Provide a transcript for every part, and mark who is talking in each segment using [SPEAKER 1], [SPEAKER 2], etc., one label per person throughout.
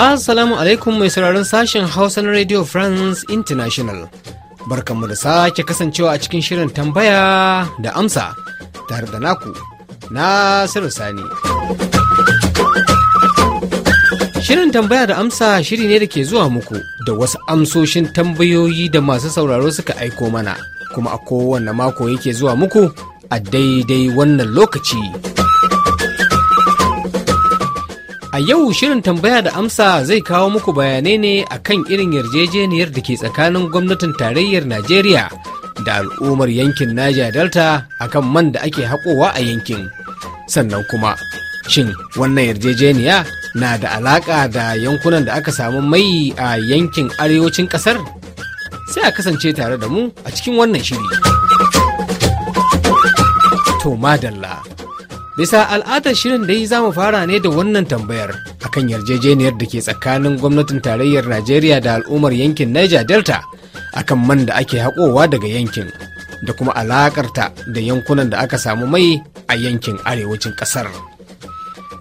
[SPEAKER 1] Assalamu alaikum mai sauraron sashen Hausa na Radio France International. Barkanmu da sake kasancewa a cikin shirin tambaya da amsa tare da naku Nasiru Sani. Shirin tambaya da amsa shiri ne da ke zuwa muku da wasu amsoshin tambayoyi da masu sauraro suka aiko mana, kuma a kowane mako yake zuwa muku a daidai wannan lokaci. A yau shirin tambaya da amsa zai kawo muku bayanai ne akan irin yarjejeniyar da ke tsakanin gwamnatin tarayyar Najeriya da al'ummar yankin Niger Delta akan man da ake haƙowa a yankin. Sannan kuma, shin wannan yarjejeniya na da alaƙa da yankunan da aka samu mai a yankin arewacin ƙasar? Sai a kasance tare da mu a cikin wannan shiri. To madalla. Bisa al'adar shirin dai za mu fara ne da wannan tambayar akan yarjejeniyar da ke tsakanin gwamnatin tarayyar Najeriya da al'ummar yankin Niger Delta akan man da ake haƙowa daga yankin da kuma alaƙarta da yankunan da aka samu mai a yankin arewacin ƙasar.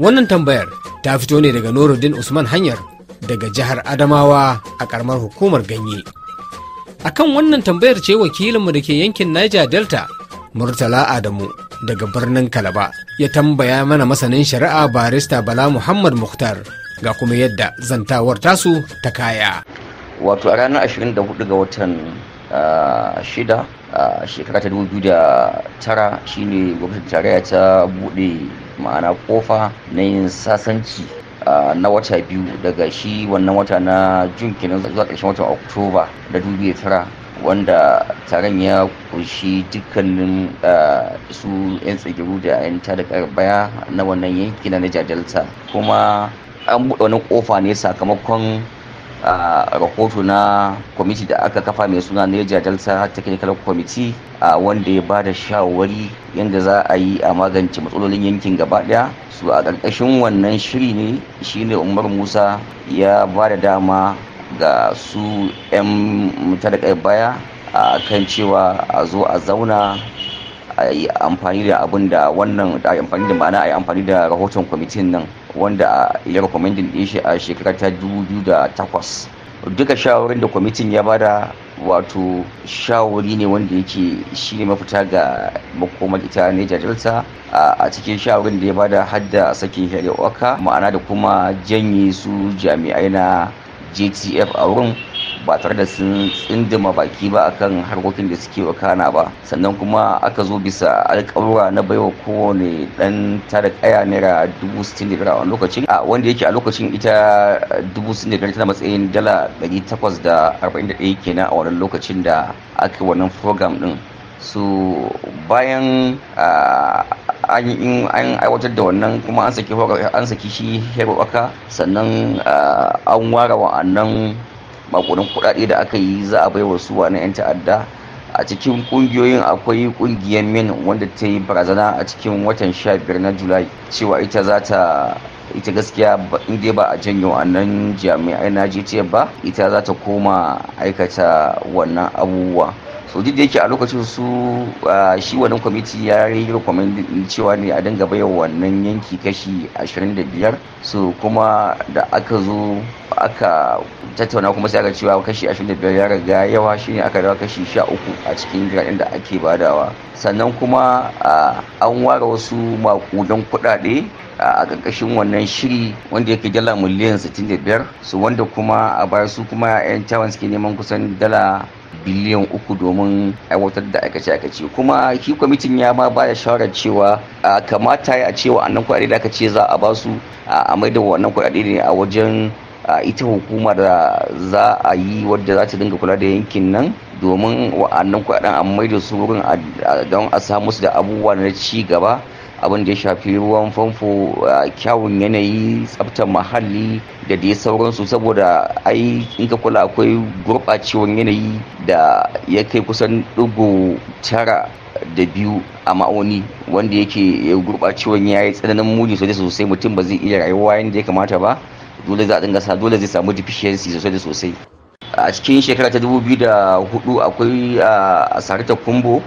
[SPEAKER 1] Wannan tambayar ta fito ne daga Nuruddin Usman Hanyar daga jihar Adamawa a ƙaramar hukumar Ganye. Akan wannan tambayar ce wakilinmu da ke yankin Niger Delta Murtala Adamu daga birnin Kalaba ya tambaya mana masanin shari'a barista bala muhammad muhtar ga kuma yadda zantawar tasu ta
[SPEAKER 2] kaya wato a ranar 24 ga watan ah, shida a ah, shekara ta 2009 shine gwamnatin tarayya ta buɗe ma'ana kofa na yin sasanci ah, na wata biyu daga shi wannan wata na jun kenan zuwa ƙarshen watan oktoba da 2009 wanda taron ya kunshi dukkanin ah, su 'yan tsigiru da 'yan tada baya na wannan yanki na Niger Delta kuma an buɗe wani kofa ne sakamakon ah, rahoto na kwamiti da aka kafa mai suna Niger Delta Technical Committee ah, wanda ya bada shawari yadda za a yi a magance matsalolin yankin gaba daya su a ƙarƙashin wannan shiri ne shine Umar Musa ya ba da dama ga su 'yan mutane baya a kan cewa a zo a zauna a yi amfani da abin da wannan a amfani da ma'ana a yi amfani da rahoton kwamitin nan wanda a ya rekomendin din shi a shekarar ta 2008 duka shawarin da kwamitin ya bada wato shawari ne wanda yake shi ne mafita ga makomar ita ne jajirta a cikin shawarin da ya bada hadda sakin shari'a ma'ana da kuma janye su jami'ai na jtf a wurin ba tare da sun tsindima baki ba akan harkokin da suke wakana ba sannan kuma aka zo bisa alƙawura na baiwa kowane dan tara kaya naira dubu sittin da biyar a lokacin a wanda yake a lokacin ita eh, dubu sittin da biyar tana matsayin dala ɗari takwas da arba'in da ɗaya kenan a wannan lokacin da aka wannan program ɗin su bayan ah, an aiwatar da wannan kuma an saki an saki shi hero aka sannan ah, an ware wa'annan makonin kuɗaɗe da aka yi za a bai wa su wani 'yan ta'adda a cikin kungiyoyin akwai ƙungiyar min wanda ta yi barazana a cikin watan 15 na julai cewa ita za ta ita gaskiya in dai ba a janyo nan jami'ai na jitiyar ba ita za ta koma aikata wannan abubuwa so duk da yake a lokacin su shi wannan kwamiti ya yi rikwamin cewa ne a dinga bayan wannan yanki kashi 25 so kuma da aka zo aka tattauna kuma sai aka cewa kashi 25 ya riga yawa shine aka dawo kashi 13 a cikin gradin da ake badawa sannan kuma an ware wasu makudan kuɗaɗe a ƙarƙashin wannan shiri wanda yake dala miliyan 65 su wanda kuma a baya su kuma 'yan tawon suke neman kusan dala biliyan uku domin aiwatar da aikace-aikace kuma shi kwamitin ya ma baya shawarar cewa a kamata ya wa annan kuɗaɗe da aka ce za a basu a mai da wannan kuɗaɗe ne a wajen ita hukuma da za a yi wadda za ta dinga kula da yankin nan domin wa'annan kuɗaɗen a mai da su wurin don a samu su da abubuwa na ci gaba abin da ya shafi ruwan famfo kyawun yanayi tsabtar muhalli da dai sauransu saboda ai in ka kula akwai gurɓacewar yanayi da ya kai kusan ɗigo tara da biyu a ma'auni wanda yake gurɓacewar ya yi tsananin muni sosai sosai mutum ba zai iya rayuwa yadda ya kamata ba dole za a dinga sa dole zai samu deficiency sosai da sosai a cikin shekara ta 2004 akwai a sarita kumbo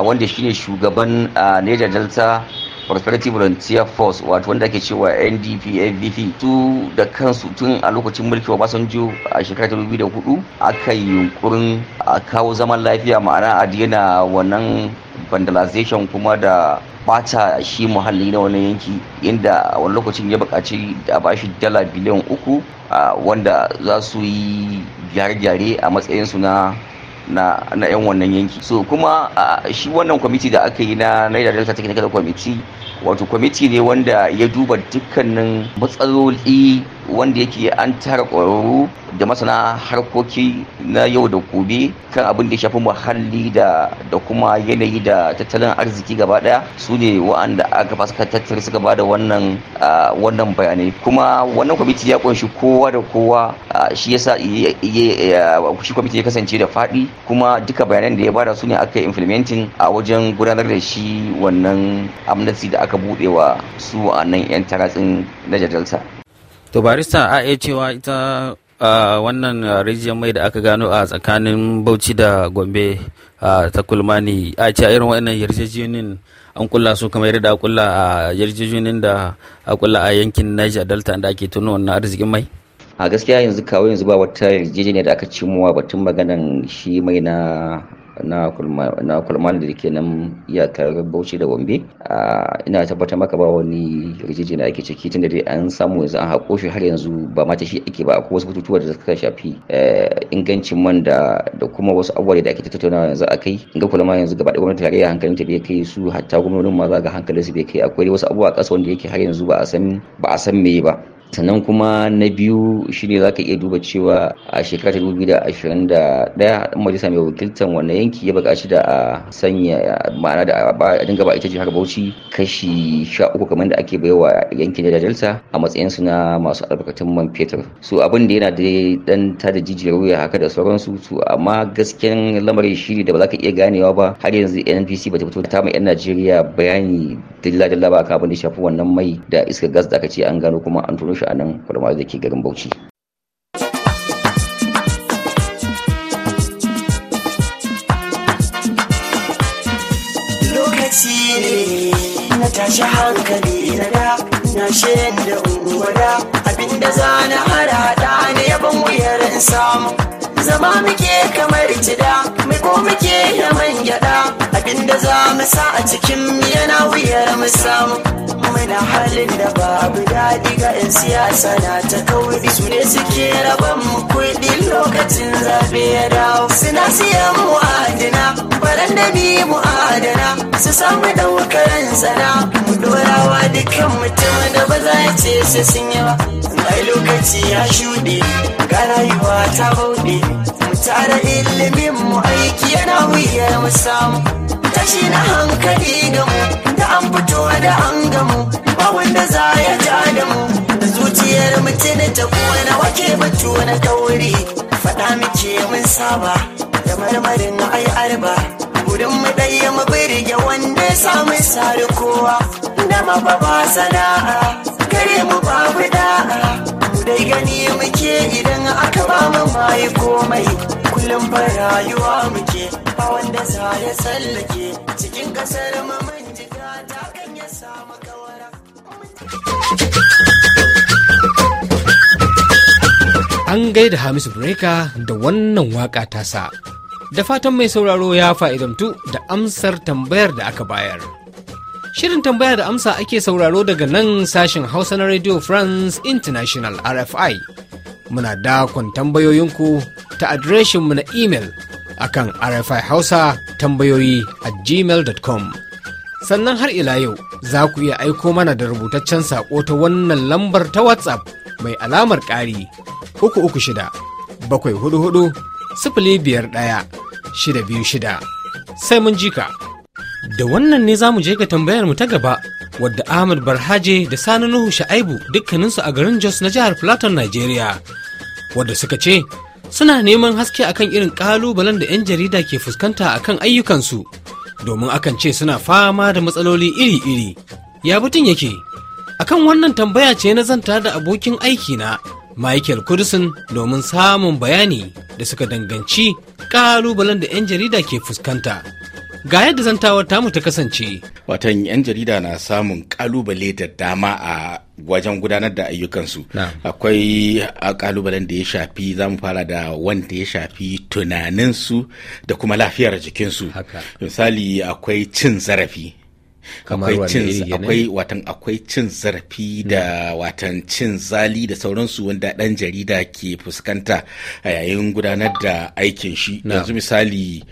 [SPEAKER 2] wanda shine shugaban neja delta prosperity volunteer force wato wanda ake cewa ndp su da kansu tun a lokacin mulki obasanjo a shekarar 2004 aka yi yunkurin a kawo zaman lafiya ma'ana a daina wannan vandalization kuma da bata shi muhalli na wani yanki inda wani lokacin ya bukaci a bashi dala biliyan uku wanda za su yi gyare-gyare a matsayinsu na na na yan wannan yanki so kuma shi wannan kwamiti da aka yi na naira Delta Technical Committee wato kwamiti ne wanda ya duba dukkanin matsaloli wanda yake an tara ƙwararru da masana harkoki na yau da gobe kan abin da shafi muhalli da da kuma yanayi da tattalin arziki gaba daya su ne wa'anda aka fasa suka tattara suka bada wannan wannan bayanai kuma wannan kwamiti ya kunshi kowa da kowa shi yasa shi kwamiti ya kasance da faɗi kuma duka bayanan da ya bada su ne aka implementing a wajen gudanar da shi wannan amnesty da aka buɗe wa su wa'annan 'yan taratsin na jadalta to barista a iya cewa ita wannan rijiyar mai da aka gano a tsakanin bauchi da gombe ta kulmani a ce a irin wannan yarjejenin an kulla su kamar yadda kulla a yarjejenin da a kulla a yankin niger delta da ake tuno wannan arzikin mai a gaskiya yanzu kawo yanzu ba wata yarjejeniya da aka cimuwa batun maganan shi mai na na kulman da ke nan iyakar bauchi da gombe ina tabbatar maka ba wani rijiji na ake ciki tun da dai an samu yanzu an haƙo shi har yanzu ba mata shi ake ba akwai wasu bututuwa da suka shafi eh, ingancin man da kuma wasu abubuwa da ake tattaunawa yanzu a kai ga kulma yanzu gaba da gwamnati tarayya hankalin ta bai kai su hatta gwamnonin ma za ga hankalin su bai kai akwai wasu abubuwa a ƙasa wanda yake har yanzu ba a san ba a san me ba sannan kuma na biyu shine za ka iya duba cewa a shekara ta 2021 ɗan majalisa mai wakiltar wannan yanki ya buƙaci da a sanya ma'ana da a dinga ba ita jihar bauchi kashi sha uku kamar da ake baiwa yankin da delta a matsayin su na masu albarkatun man fetur su abin da yana da dan ta da jijiyar wuya haka da sauransu su amma gaskiyan lamarin ne da ba za ka iya ganewa ba har yanzu NPC ba ta fito ta mai yan Najeriya bayani dalla-dalla ba kan abin da shafi wannan mai da iska gas da aka ce an gano kuma an tono shi a nan kurma da ke garin bauchi
[SPEAKER 3] lokaci ne na tashi hankali na da na da unguwa da abinda za na harada ne yaban wuyar samu
[SPEAKER 2] zama muke
[SPEAKER 3] kamar cida mai ko muke da man gyada abinda za mu sa a cikin yana wuyar mu samu Muna halin da babu daɗi ga 'yan siyasa na ta kauri su ne suke raban mu kuɗi lokacin zaɓe ya dawo suna siyan mu adana baran da ni mu adana su samu ɗaukar sana mu dorawa dukkan mutum da ba za ya ce sai sun yi ba Mai lokaci ya shuɗe ga rayuwa ta bauɗe mu tara ilimin mu aiki yana wuyar mu samu tashi na hankali gamu mu da an fito da an gamu ba wanda za ya ja da mu zuciyar mutum ta kuwa na wake batu na tauri faɗa muke mun saba da marmarin ai arba gudun mu ɗaya mu birge wanda ya samu sari kowa da maba sana'a Kare mu babu da'a mu dai gani muke idan aka ba mu mai komai kullum ba rayuwa muke tsallake cikin kasar
[SPEAKER 1] An gaida Hamisu Breka da wannan waka tasa. Da fatan mai sauraro ya fa'idantu da amsar tambayar da aka bayar. Shirin tambaya da amsa ake sauraro daga nan sashen Hausa na Radio France International RFI. Muna dakon tambayoyinku ta adireshinmu na imel akan RFI Hausa tambayoyi a gmail.com. Sannan har ila yau za ku iya aiko mana da rubutaccen saƙo ta wannan lambar ta WhatsApp mai alamar ƙari uku uku shida bakwai hudu hudu sifili biyar ɗaya shida biyu shida sai mun jika. Da wannan ne za mu je ga tambayar mu ta gaba wadda Ahmad Barhaje da Sani Nuhu Sha'aibu dukkaninsu a garin Jos na jihar Plateau, Najeriya, wadda suka ce suna neman haske akan irin ƙalubalen da 'yan jarida ke fuskanta akan ayyukansu domin akan ce suna fama da matsaloli iri-iri ya butun yake akan wannan tambaya ce na zanta da abokin aikina michael kudusin domin samun bayani da suka danganci ƙalubalen da 'yan jarida ke fuskanta ga yadda zantawar tamu ta kasance watan
[SPEAKER 4] 'yan jarida na samun kalubale da dama a wajen gudanar da ayyukansu akwai kalubalen da ya shafi za mu fara da wanda ya shafi tunaninsu da kuma lafiyar jikinsu misali akwai cin zarafi akwai cin zarafi da watan cin zali da sauransu wanda dan jarida ke fuskanta a yayin gudanar da aikin shi yanzu misali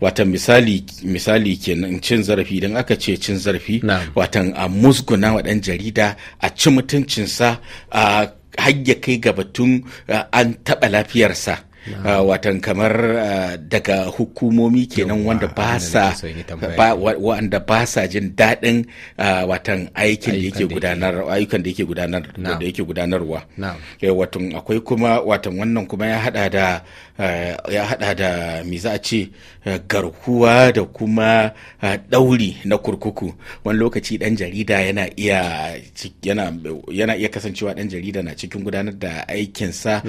[SPEAKER 4] watan misali misali kenan cin zarafi idan aka ce cin zarafi watan a musguna wa ɗan jarida a ci mutuncinsa a hayya kai ga an taɓa lafiyarsa uh, watan kamar uh, daga hukumomi kenan wanda ba sa wanda ba sa jin daɗin ah, watan aikin da yake gudanar ayyukan da yake gudanar da yake gudanarwa eh, watan akwai kuma watan wannan kuma ya hada da ya hada da me za a ce garkuwa da kuma ɗauri na kurkuku wani lokaci ɗan jarida yana iya yana yana iya kasancewa ɗan jarida na cikin gudanar da aikinsa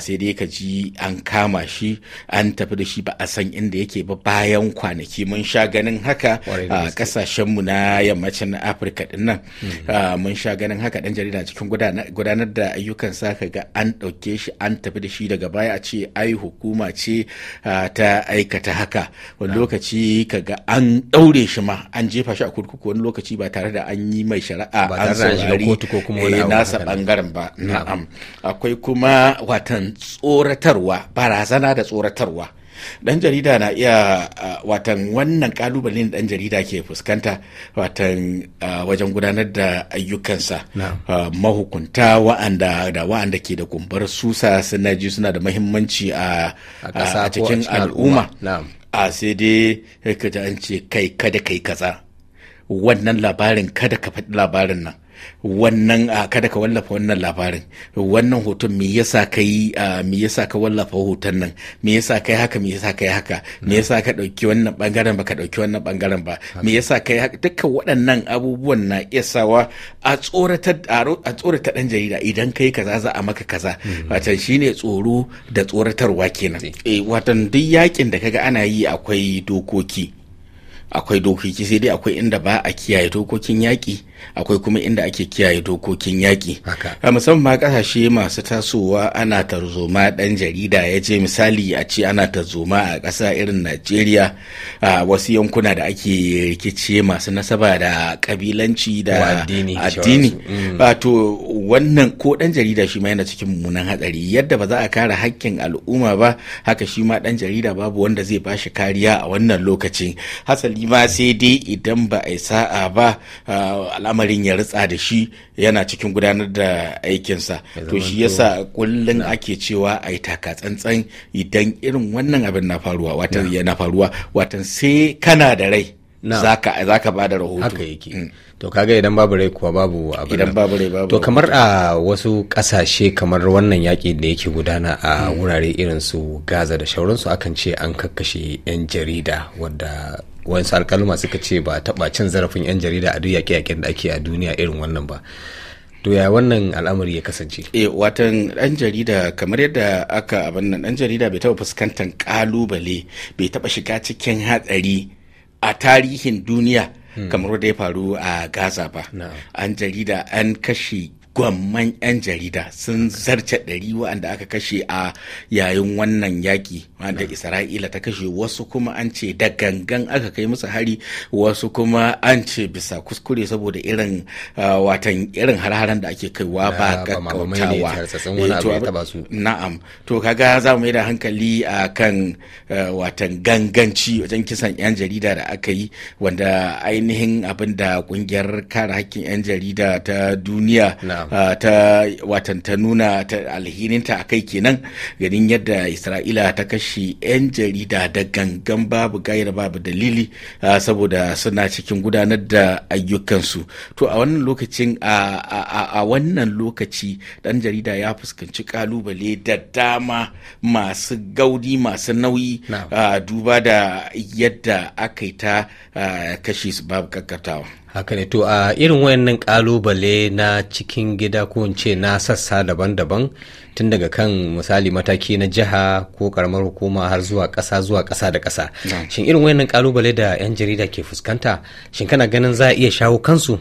[SPEAKER 4] sai dai ka ji an kama shi an tafi da shi ba a san inda yake ba bayan kwanaki mun sha ganin haka a kasashenmu na yammacin afirka din nan hmm. ah, mun sha ganin haka dan jarida cikin gudanar da ayyukan sa ka ga an ɗauke shi an tafi da shi daga baya a ce ai hukuma ce ah, ta aikata haka wani lokaci ka ga an ɗaure shi ma an jefa shi a kurkuku wani lokaci ba tare da an yi mai shari'a an saurari eh, nasa bangaren ba na'am akwai kuma watan tsoratarwa barazana da tsoratarwa dan jarida na iya watan wannan kalubalen da dan jarida ke fuskanta watan wajen gudanar da ayyukansa mahukunta wa'anda da wa'anda ke da kumbar susa suna ji suna da mahimmanci a cikin al'umma a sai dai ka an ce kai kada kai kaza wannan labarin kada ka faɗi labarin nan wannan ah, kada ka wallafa wannan labarin wannan hoton me yasa ka yi ah, me yasa ka wallafa hoton nan me yasa ka yi haka me yasa ka yi haka me yasa ka ɗauki wannan bangaren ba ka ɗauki wannan bangaren ba me yasa ka yi haka dukkan waɗannan abubuwan na iya sawa a tsoratar a tsoratar ɗan jarida idan kai kaza za a maka kaza hmm. wato shine tsoro da tsoratarwa kenan eh wato duk yakin da kaga ana yi akwai dokoki akwai dokoki sai dai akwai inda ba a kiyaye dokokin yaƙi akwai kuma inda ake kiyaye dokokin yaƙi a musamman ƙasashe masu tasowa ana tarzoma ɗan jarida ya je misali a ce ana tarzoma a ƙasa irin najeriya a wasu yankuna da ake rikice masu nasaba da ƙabilanci da addini wato mm. wannan ko ɗan jarida shi ma yana cikin mummunan hatsari yadda ba za a kare hakkin al'umma ba haka shi ma ɗan jarida babu wanda zai ba shi kariya a wannan lokacin hasali ma sai dai idan ba a yi sa'a ba al'amarin ya ritsa da shi yana cikin gudanar da aikinsa to shi yasa kullum ake cewa a yi taka idan irin wannan abin na faruwa watan sai kana da rai za ka ba da rahoto haka yake
[SPEAKER 1] mm. to kaga idan babu rai kuwa babu abin idan babu rai babu to kamar a wasu kasashe kamar wannan yaƙi da yake gudana a mm. wurare irin su gaza da shauransu akan ce an kakkashe 'yan jarida wadda wasu alkaluma suka ce ba taɓa cin zarafin 'yan jarida a duk yaƙe da ake a duniya irin wannan ba to ya wannan al'amari ya kasance eh
[SPEAKER 4] watan dan jarida kamar yadda aka abin nan dan jarida bai taɓa fuskantar ƙalubale bai taɓa shiga cikin hatsari a tarihin duniya hmm. kamar wadda ya faru a gaza ba an jarida an kashe gwamman 'yan jarida sun zarce ɗari waɗanda aka kashe a yayin wannan yaƙi wanda isra'ila ta kashe wasu kuma an ce da gangan aka kai musu hari wasu kuma an ce bisa kuskure saboda irin watan irin har harharan da ake kaiwa ba ah, gaggautawa eh, na'am to kaga za mu yi da hankali a kan watan ganganci wajen kisan yan jarida da aka yi wanda ainihin abin da kungiyar kare hakkin yan jarida ta duniya ta watan ta nuna alhininta a kai kenan ganin yadda isra'ila ta kashe shi 'yan jarida da gangan babu gaira babu dalili ah, saboda suna cikin gudanar da ayyukansu to a wannan lokacin a wannan lokaci dan jarida ya fuskanci kalubale da dama masu gaudi masu nauyi ah,
[SPEAKER 1] duba da yadda
[SPEAKER 4] aka yi ta ah, kashi su babu kakkatawa
[SPEAKER 1] haka ne to a irin wayannan kalubale na cikin gida ko in ce na sassa daban-daban tun daga kan misali mataki na jiha ko karamar hukuma har zuwa ƙasa zuwa ƙasa da ƙasa shin irin wayannan kalubale da 'yan jarida ke fuskanta shin kana ganin za a iya shawo kansu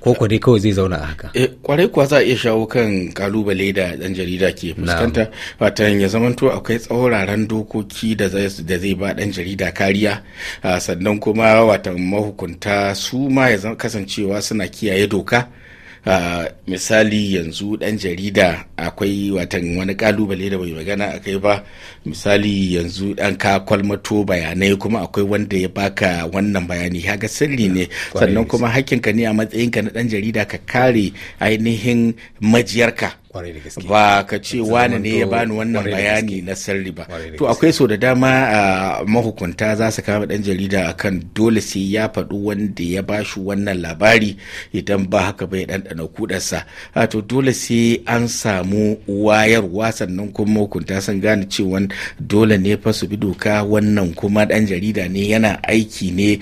[SPEAKER 1] ko kwade kawai zai zauna a haka
[SPEAKER 4] e, eh, kwarai kuwa za a iya shawo kan kalubale da 'yan jarida ke fuskanta fatan ya to akwai tsauraran dokoki da zai ba dan jarida kariya ah, sannan kuma watan mahukunta su ma ya kasancewa suna kiyaye doka misali yanzu ɗan jarida akwai watan wani kalubale da bai magana a ba misali yanzu dan ka kwalmato bayanai kuma akwai wanda ya baka wannan bayani ga sirri ne sannan kuma hakkinka ne a matsayinka na dan jarida ka kare ainihin majiyarka ba ka ce wani ne ya bani wannan bayani na sarri ba to akwai so da dama a mahukunta za su kama dan jarida akan dole sai ya faɗu wanda ya ba shi wannan labari idan ba haka bai ɗanɗana kudarsa to dole sai an samu wayarwa sannan kuma mahukunta sun gane cewa dole ne fa su bi doka wannan kuma dan jarida ne yana aiki ne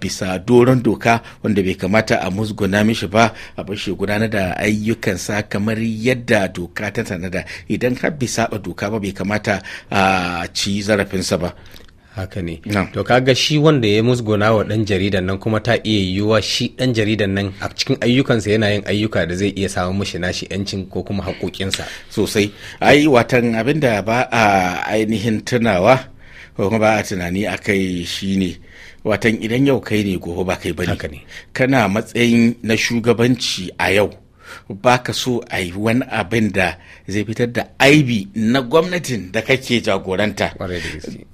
[SPEAKER 4] bisa doron doka wanda bai kamata a musguna mishi ba a bashi gudanar da ayyukansa kamar yadda da doka ta tanada idan har bai saba doka ba bai kamata a ci zarafinsa ba
[SPEAKER 1] haka ne to kaga shi wanda ya musguna wa dan jaridan nan kuma ta iya yiwuwa shi dan jaridan nan a cikin ayyukansa yana yin ayyuka da zai iya samu mishi nashi yancin ko kuma haƙoƙinsa
[SPEAKER 4] sosai ai watan abinda ba a ainihin tunawa ko kuma ba a tunani akai shine watan idan yau kai ne gobe ba kai bane kana matsayin na shugabanci a yau baka so a yi wani abin da zai fitar da aibi na gwamnatin da kake jagoranta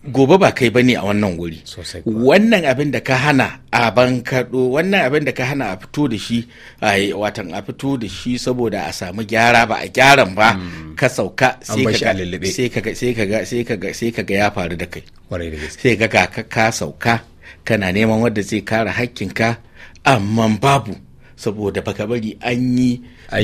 [SPEAKER 4] gobe ba kai bane a wannan wuri wannan abin da ka hana a bankaɗo wannan abin da ka hana a fito da shi watan a fito da shi saboda a samu gyara ba a gyaran ba hmm. ka sauka sai ka ga ya faru da kai sai ka ka sauka kana neman wadda zai kare hakkinka amma babu saboda baka bari an yi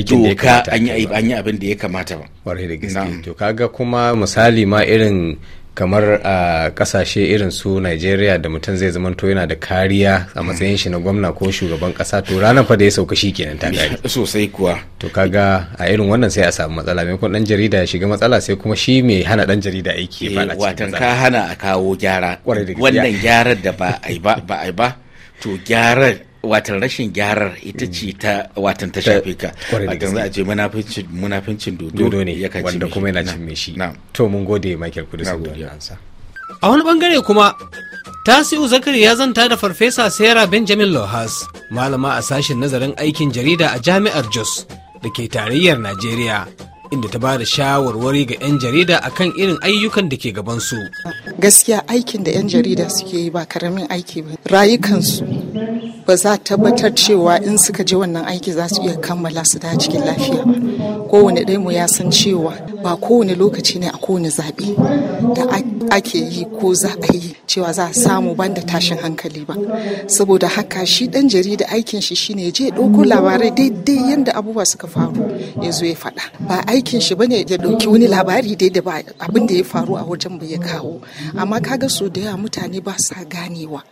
[SPEAKER 4] doka an yi abin da ya kamata ba
[SPEAKER 1] Warai da gaske to kaga kuma misali ma irin kamar a kasashe irin su Nigeria da mutum zai zama to yana da kariya a matsayin shi na gwamna ko shugaban kasa to ranar fa da ya sauka shi kenan ta gari. sosai kuwa to kaga a irin wannan sai a samu matsala maimakon dan jarida ya shiga matsala sai kuma shi mai hana dan jarida aiki ba na eh, watan ka hana a kawo gyara
[SPEAKER 4] wannan gyarar da ba a ba ba to gyarar watan rashin gyarar ita ce mm. ta watan ta shafe ka watan za a ce munafincin dodo ne
[SPEAKER 1] wanda kuma yana cin mai shi to mun gode michael kudu sau da a wani bangare kuma tasiu zakari ya zanta da farfesa sarah benjamin lohas malama a sashen nazarin aikin jarida a jami'ar jos da ke tarayyar najeriya inda ta ba da shawarwari ga 'yan jarida akan irin ayyukan da ke gabansu. Gaskiya aikin da
[SPEAKER 5] 'yan jarida suke yi ba karamin aiki ba. Rayukansu ba za tabbatar cewa in suka je wannan aiki za su iya kammala su da cikin lafiya ba kowane ɗaya mu ya san cewa ba kowane lokaci ne a kowane zaɓe da ake yi ko za a yi cewa za a samu banda tashin hankali ba saboda haka shi ɗan jarida aikin shi shine je ɗauko labarai daidai yadda abubuwa suka faru ya zo ya faɗa ba aikin shi bane ya ɗauki wani labari daidai ba abin da ya faru a wajen ba ya kawo amma kaga so da yawa mutane ba sa ganewa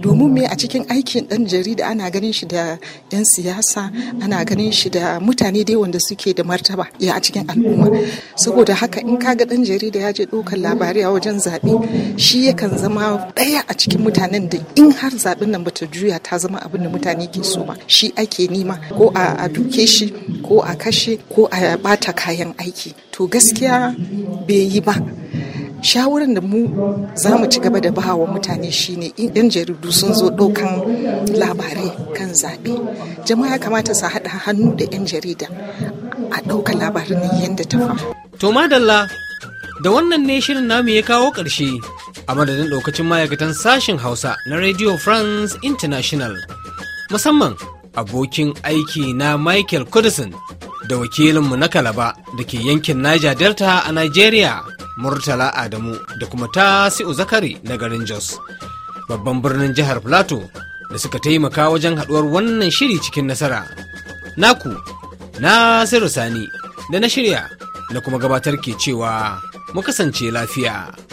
[SPEAKER 5] domin me a cikin aikin ɗan jarida ana ganin shi da 'yan siyasa ana ganin shi da mutane dai wanda suke da martaba ya a cikin al'umma saboda haka in ka ga dan jarida ya je ɗaukar labari a wajen zaɓe shi yakan zama ɗaya a cikin mutanen da in har zaɓen nan bata juya ta zama abin da mutane ke so ba shi ake nima ko a duke shi ko a kashe ko a bata kayan aiki to gaskiya bai yi ba shawarar da mu za mu ci gaba da ba wa mutane shine yan jaridu sun zo ɗaukan labarai kan zaɓe jama'a kamata su haɗa hannu da yan jarida a ɗaukan labarin yadda ta faru
[SPEAKER 1] To madalla da wannan ne shirin namu ya kawo ƙarshe a madadin ɗaukacin ma'aikatan sashen Hausa na Radio France International musamman abokin aiki na Michael Codison da wakilinmu na Kalaba da ke yankin Niger Delta a Nigeria Murtala Adamu da kuma Tasi'u Zakari na garin Jos babban birnin jihar Plateau da suka taimaka wajen haɗuwar wannan shiri cikin nasara. Naku, Nasiru Sani da na shirya na kuma gabatar ke cewa mu kasance lafiya.